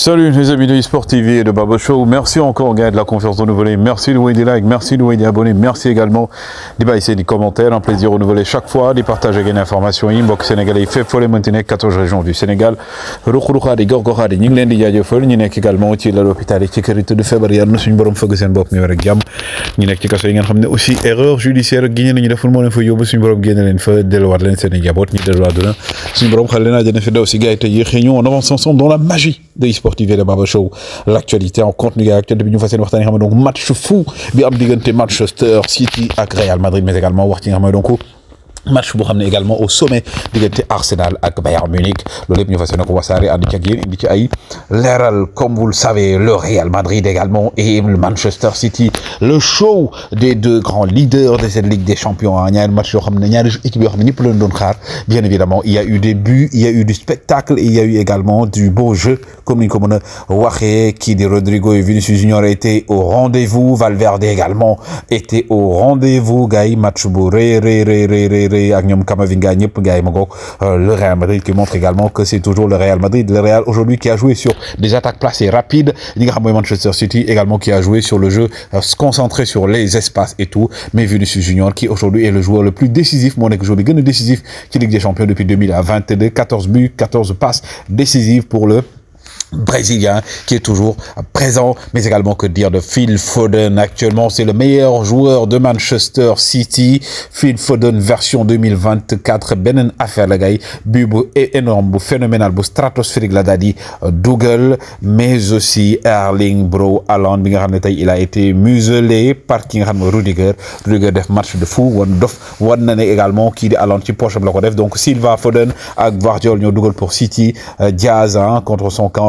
Salut les amis de eSport TV et de Babo Show. Merci encore gars, de la confiance renouvelée. Merci de nous aider like. merci de nous aider abonner. merci également des bails des commentaires. Un plaisir renouvelé chaque fois, des partages et des informations. Inbox sénégalais, fait folle Montenegro, 14 régions du Sénégal. Rokhrouha des Gorgora des Ninglendi Yadiofol, Ninek également au l'hôpital et sécurité de février. Nous sommes bon focus en bop numéro gam. Ninek Tikasso Ingen Hamne aussi erreur judiciaire Guinée Ningla Fulmon Foyo, nous sommes bon Guinée Lenfe, Delawar Len Sénégabot, Nidalwadona. Nous sommes bon Khalena Jennifer aussi Gaël et Yéhénion. On avance ensemble dans la magie de e-sportive de Baba Show l'actualité en contenu gars depuis nous faisons fas donc match fou bi am diggante Manchester City à Real Madrid mais également wax ci donc match boo xamné également au sommet de Arsenal ak Bayern Munich loolu ñu fas yéene ko wasaare ci ak yeen indi ci ay comme vous le savez le Real Madrid également et le Manchester City le show des deux grands leaders de cette Ligue des Champions ah, ñaari match yo xamné ñaari équipe yo xamné ñepp lañ doon xaar bien évidemment il y a eu des buts il y a eu du spectacle et il y a eu également du beau jeu comme ni ñu ko qui a Rodrigo et Vinicius Junior étaient au rendez-vous Valverde également était au rendez-vous Gaï match bu Ré, Ré, Ré Kamavinga euh, le Real Madrid qui montre également que c'est toujours le Real Madrid le Real aujourd'hui qui a joué sur des attaques placées rapides ñi et Manchester City également qui a joué sur le jeu euh, se concentré sur les espaces et tout mais Vinicius Junior qui aujourd'hui est le joueur le plus décisif mon équipe le le décisif qui Ligue des Champions depuis 2022 14 buts 14 passes décisives pour le brésilien qui est toujours présent, mais également que dire de Phil Foden. Actuellement, c'est le meilleur joueur de Manchester City. Phil Foden version 2024. Benen Aferlagay, Bubu et énorme, phénoménal, bu stratosphérique la dadi euh, Dougal, mais aussi Erling Bro Il a été muselé par Kingham Rudiger. Rudiger def match de fou. Wandof, également qui est Alan qui poche Donc Silva Foden, Ak Guardiola Dougal pour City, euh, Diaz hein, contre son camp.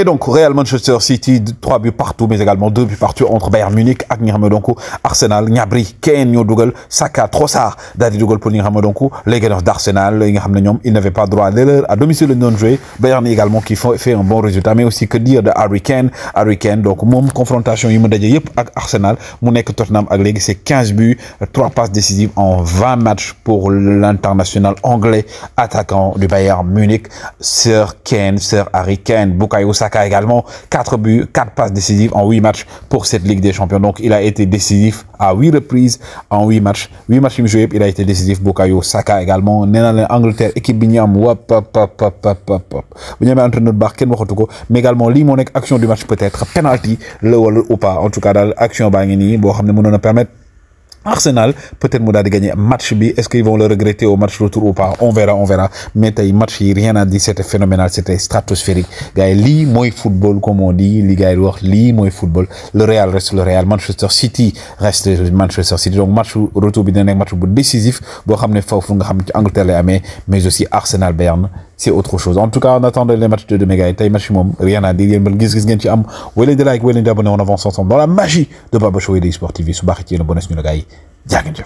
Et donc, Real Manchester City, 3 buts partout, mais également 2 buts partout entre Bayern Munich et Arsenal Gnabry Kane ñoo Saka Trossard David Dougal pour ñi les gagnants d'Arsenal il pas droit à à domicile de non Bayern également qui fait un bon résultat mais aussi que dire de Harry Kane Harry Kane donc mon confrontation yi Arsenal mu Tottenham c'est 15 buts 3 passes décisives en 20 matchs pour l'international anglais attaquant du Bayern Munich Sir Kane Sir Harry Kane Bukayo Saka Saka également, 4 buts, 4 passes décisives en 8 matchs pour cette Ligue des Champions. Donc il a été décisif à 8 reprises en 8 matchs. 8 matchs il a été décisif. Bokayo, Saka également. Néna Angleterre, équipe Bignam, wap, wap, wap, wap, wap, wap. entraîneur Mais également, Limonek, action du match peut-être, penalty, le ou pas. En tout cas, action Bangini, xamne nous permettre Arsenal peut-être Mouda de gagner match B. est-ce qu'ils vont le regretter au match retour ou pas on verra on verra mais il match yi rien à dire c'était phénoménal c'était stratosphérique gars yi moi football comme on dit li gars yi wax football le Real reste le Real Manchester City reste Manchester City donc match retour bien un match décisif boo ramener ne nga xam ci Angleterre mais aussi Arsenal berne c'est autre chose en tout cas on attendant les matchs de Mega et tay maximum rien à dire yéen ba gis-gis ci am wala di like wala on avance ensemble dans la magie de Baba Show et des sportifs TV. bonne le bonheur bonnes gars